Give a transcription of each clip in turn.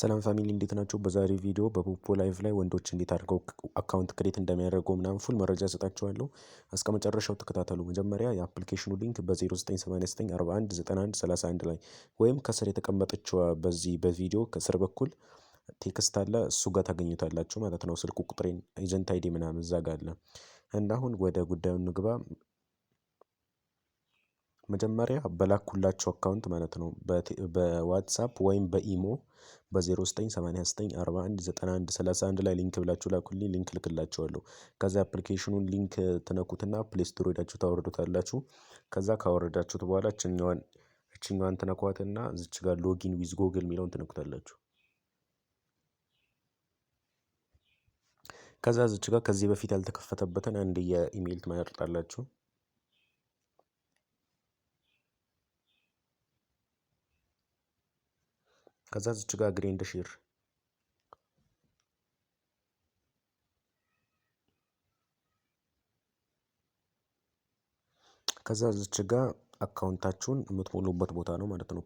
ሰላም ፋሚሊ እንዴት ናቸው? በዛሬ ቪዲዮ በፖፖ ላይቭ ላይ ወንዶች እንዴት አድርገው አካውንት ክሬት እንደሚያደርጉ ምናምን ፉል መረጃ ሰጣችኋለሁ። እስከ መጨረሻው ተከታተሉ። መጀመሪያ የአፕሊኬሽኑ ሊንክ በ0989419131 ላይ ወይም ከስር የተቀመጠችው በዚህ በቪዲዮ ከስር በኩል ቴክስት አለ እሱ ጋር ታገኙታላችሁ ማለት ነው። ስልክ ቁጥሬን ኤጀንት አይዲ ምናምን እዛ ጋር አለ እና አሁን ወደ ጉዳዩ ንግባ። መጀመሪያ በላኩላቸው አካውንት ማለት ነው በዋትሳፕ ወይም በኢሞ በ0989419131 ላይ ሊንክ ብላችሁ ላኩልኝ ሊንክ እልክላችኋለሁ። ከዚ አፕሊኬሽኑን ሊንክ ትነኩትና ፕሌይ ሄዳችሁ ታወርዱታላችሁ። ከዛ ካወረዳችሁት በኋላ ይችኛዋን ይችኛዋን ትነኳትና እዚች ጋር ሎጊን ዊዝ ጎግል የሚለውን ትነኩታላችሁ። ከዛ እዚች ጋር ከዚህ በፊት ያልተከፈተበትን አንድ የኢሜይል ትመርጣላችሁ ከዛ ዝች ጋር ግሪንድ ሺር ከዛ ዝች ጋር አካውንታችሁን የምትሞሉበት ቦታ ነው ማለት ነው።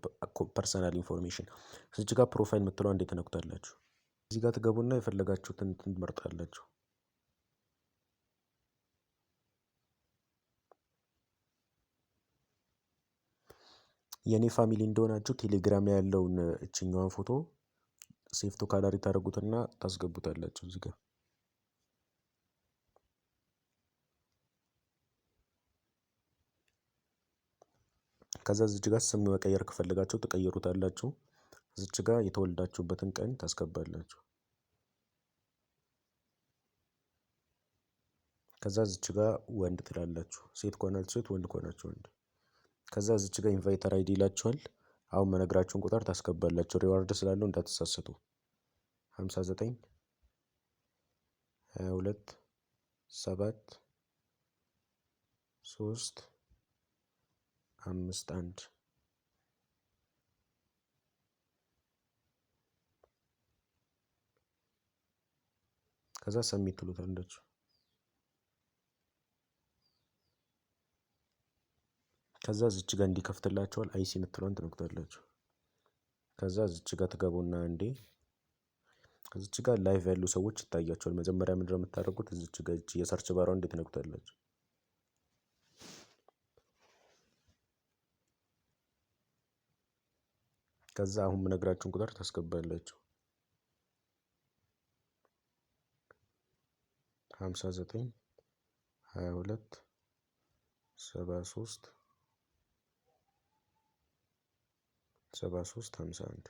ፐርሰናል ኢንፎርሜሽን እዚህ ጋር ፕሮፋይል የምትለው እንዴት ትነኩታላችሁ? እዚህ ጋር ትገቡና የፈለጋችሁትን ትመርጣላችሁ። የኔ ፋሚሊ እንደሆናችሁ ቴሌግራም ያለውን እችኛዋን ፎቶ ሴፍቶ ካላሪ ጋለሪ ታደርጉትና ታስገቡታላችሁ እዚህ ጋር ከዛ ዝች ጋር ስም መቀየር ከፈለጋችሁ ትቀይሩታላችሁ። ዝች ጋር የተወልዳችሁበትን ቀን ታስገባላችሁ። ከዛ ዝች ጋር ወንድ ትላላችሁ። ሴት ከሆናችሁ ሴት፣ ወንድ ከሆናችሁ ወንድ ከዛ እዚች ጋር ኢንቫይተር አይዲ ይላችኋል። አሁን መነግራችሁን ቁጥር ታስገባላችሁ ሪዋርድ ስላለው እንዳትሳሰቱ። 59 22 7 3 5 1 ከዛ ሰሚት ትሉታላችሁ። ከዛ ዝች ጋር እንዲከፍትላቸዋል አይሲ የምትለዋን ትነኩታላችሁ። ከዛ ዝች ጋር ትገቡና እንዴ እዚች ጋር ላይቭ ያሉ ሰዎች ይታያቸዋል። መጀመሪያ ምንድን ነው የምታደርጉት? እዚች ጋር እቺ የሰርች ባሯ እንዴት ትነኩታላችሁ። ከዛ አሁን ምነግራችሁን ቁጥር ታስገባላችሁ። ሀምሳ ዘጠኝ ሀያ ሁለት ሰባ ሶስት ሰባ ሶስት ሀምሳ አንድ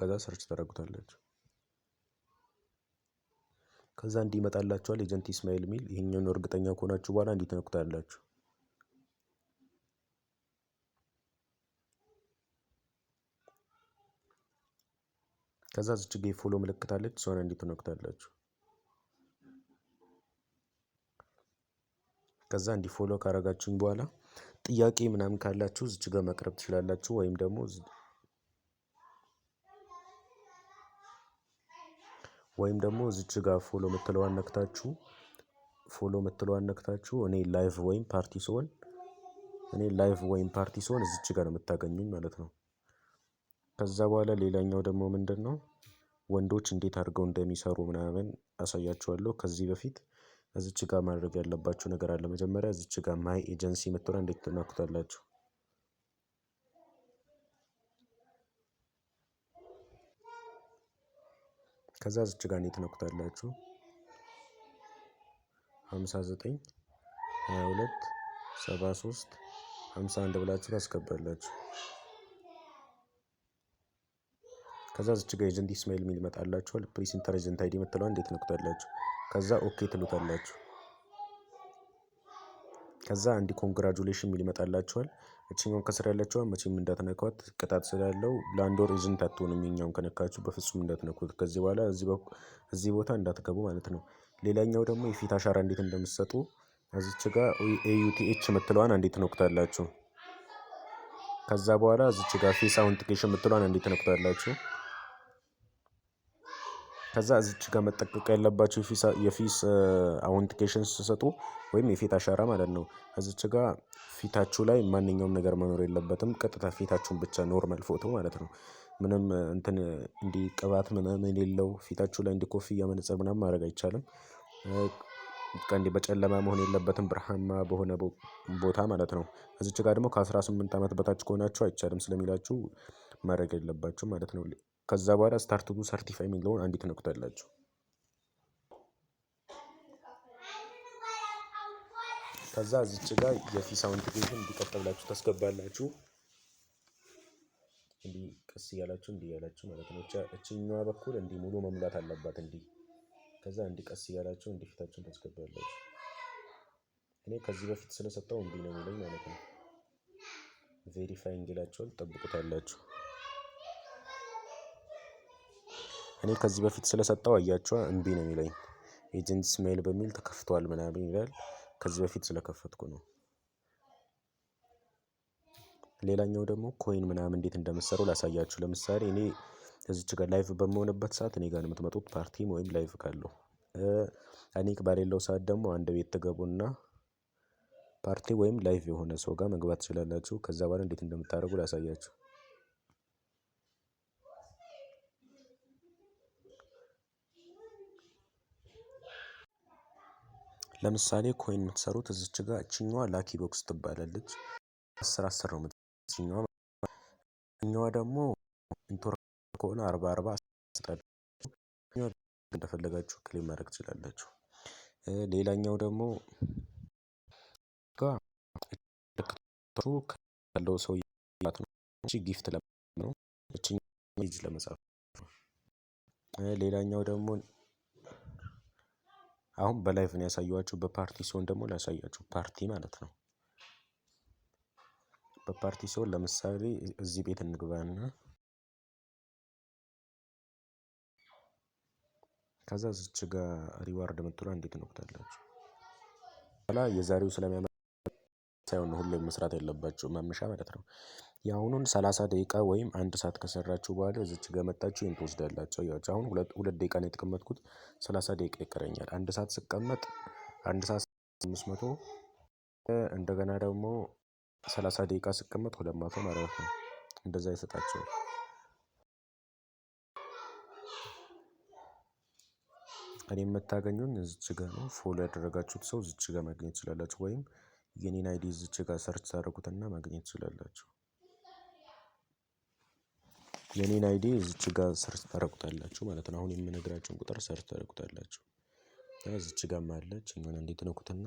ከዛ ሰርች ታደርጉታላችሁ። ከዛ እንዲህ ይመጣላችኋል። ኤጀንት ኢስማኤል ሚል። ይህኛውን እርግጠኛ ከሆናችሁ በኋላ እንዲህ ትነኩታላችሁ። ከዛ ዝችጌ ፎሎ ምልክታለች፣ ሰሆነ እንዲህ ትነኩታላችሁ። ከዛ እንዲህ ፎሎ በኋላ ጥያቄ ምናምን ካላችሁ እዚች ጋር መቅረብ ትችላላችሁ። ወይም ደግሞ ወይም ደግሞ እዚች ጋር ፎሎ የምትለዋን ፎሎ የምትለዋን እኔ ላይቭ ወይም ፓርቲ ሲሆን እኔ ላይቭ ወይም ፓርቲ ሲሆን እዚች ጋር ነው የምታገኙኝ ማለት ነው። ከዛ በኋላ ሌላኛው ደግሞ ምንድን ነው ወንዶች እንዴት አድርገው እንደሚሰሩ ምናምን አሳያችኋለሁ ከዚህ በፊት እዚች ጋር ማድረግ ያለባችሁ ነገር አለ። መጀመሪያ እዚች ጋር ማይ ኤጀንሲ የምትሆነ እንዴት ትናኩታላችሁ? ከዛ እዚች ጋር እንዴት ትናኩታላችሁ? 59 22 73 51 ብላችሁ ታስገባላችሁ። ከዛ እዚች ጋር ኤጀንት ኢስማኤል የሚል ይመጣላችኋል። ፕሪስ ኢንተር አይዲ የምትለዋ እንዴት ትነኩታላችሁ? ከዛ ኦኬ ትሉታላችሁ። ከዛ አንድ ኮንግራጁሌሽን ሚል ይመጣላችኋል። እችኛውን ከስር ያለችዋን መቼም እንዳትነኳት ቅጣት ስላለው ለአንድ ወር ኤጀንት አትሆኑም። የኛውን ከነካችሁ በፍጹም እንዳትነኩት። ከዚህ በኋላ እዚህ ቦታ እንዳትገቡ ማለት ነው። ሌላኛው ደግሞ የፊት አሻራ እንዴት እንደምትሰጡ እዚች ጋር ኤዩቲኤች የምትለዋን አንዴ ትነኩታላችሁ። ከዛ በኋላ እዚች ጋር ፌስ አውንቲኬሽን የምትለዋን አንዴ ትነኩታላችሁ። ከዛ እዚች ጋር መጠቀቅ ያለባቸው የፊስ አውንቲኬሽን ስትሰጡ ወይም የፊት አሻራ ማለት ነው። እዚች ጋር ፊታችሁ ላይ ማንኛውም ነገር መኖር የለበትም። ቀጥታ ፊታችሁን ብቻ ኖርማል ፎቶ ማለት ነው። ምንም እንትን እንዲህ ቅባት ምናምን የሌለው ፊታችሁ ላይ እንዲህ ኮፍያ፣ መነጽር ምናምን ማድረግ አይቻልም። እንዲህ በጨለማ መሆን የለበትም፣ ብርሃማ በሆነ ቦታ ማለት ነው። እዚች ጋር ደግሞ ከ18 ዓመት በታች ከሆናችሁ አይቻልም ስለሚላችሁ ማድረግ የለባችሁ ማለት ነው። ከዛ በኋላ ስታርት ቱ ሰርቲፋይ የሚለውን አንዴ ትነኩታላችሁ። ከዛ እዚች ጋር የፊስ አውንቲኬሽን እንዲቀጥ ታስገባላችሁ። እንዲህ ቀስ እያላችሁ እንዲህ እያላችሁ ማለት ነው። እችኛዋ በኩል እንዲህ ሙሉ መሙላት አለባት። እንዲህ ከዛ እንዲህ ቀስ እያላችሁ እንዲህ ፊታችሁን ታስገባላችሁ። እኔ ከዚህ በፊት ስለሰጠው እንዲህ ነው የሚለኝ ማለት ነው። ቬሪፋይ እንግላችኋል፣ ጠብቁታላችሁ። እኔ ከዚህ በፊት ስለሰጠው አያችዋ እምቢ ነው የሚለኝ ኤጀንሲ ሜል በሚል ተከፍቷል ምናምን ይላል ከዚህ በፊት ስለከፈትኩ ነው። ሌላኛው ደግሞ ኮይን ምናምን እንዴት እንደምትሰሩ ላሳያችሁ። ለምሳሌ እኔ እዚች ጋር ላይቭ በምሆንበት ሰዓት እኔ ጋር የምትመጡት ፓርቲም ወይም ላይቭ ካለው። እኔ ባሌለው ሰዓት ደግሞ አንድ ቤት ትገቡና ፓርቲ ወይም ላይቭ የሆነ ሰው ጋር መግባት ትችላላችሁ። ከዛ በኋላ እንዴት እንደምታደርጉ ላሳያችሁ ለምሳሌ ኮይን የምትሰሩት እዚች ጋር እችኛዋ ላኪ ቦክስ ትባላለች። አስር አስር ነው የምትችኛዋ። እኛዋ ደግሞ ኢንቶር ከሆነ አርባ አርባ እንደፈለጋችሁ ክሌም ማድረግ ትችላላችሁ። ሌላኛው ደግሞ ካለው ሰው ነው ጊፍት ለመጻፍ ነው። ሌላኛው ደግሞ አሁን በላይቭ ነው ያሳየኋችሁ። በፓርቲ ሲሆን ደግሞ ላሳያችሁ። ፓርቲ ማለት ነው። በፓርቲ ሲሆን ለምሳሌ እዚህ ቤት እንግባና ከዛ ዝች ጋር ሪዋርድ የምትሏ እንዴት እንወቅታላችሁ? በኋላ የዛሬው ስለሚያመ ሳይሆን ሁሌም መስራት ያለባችሁ ማምሻ ማለት ነው። የአሁኑን ሰላሳ ደቂቃ ወይም አንድ ሰዓት ከሰራችሁ በኋላ እዚች ጋር መጥታችሁ ይሄን ትወስዳላችሁ። አያችሁ አሁን ሁለት ደቂቃ ነው የተቀመጥኩት 30 ደቂቃ ይቀረኛል። አንድ ሰዓት ስቀመጥ አንድ ሰዓት 500 እንደገና ደግሞ 30 ደቂቃ ስቀመጥ 200 ማለት ነው። እንደዛ ይሰጣቸዋል። እኔ የምታገኙኝ እዚች ጋር ነው። ፎሎ ያደረጋችሁት ሰው እዚች ጋር ማግኘት ትችላላችሁ፣ ወይም የኔን አይዲ እዚች ጋር ሰርች ታደርጉትና ማግኘት ትችላላችሁ። የኔን አይዲ እዚች ጋ ሰርች ታረቁታላችሁ ማለት ነው። አሁን የምነግራችሁን ቁጥር ሰርች ታረቁታላችሁ። እዚች ጋ ማለች የሆነ እንዴት ነኩትና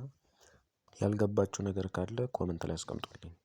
ያልገባችሁ ነገር ካለ ኮመንት ላይ አስቀምጡልኝ።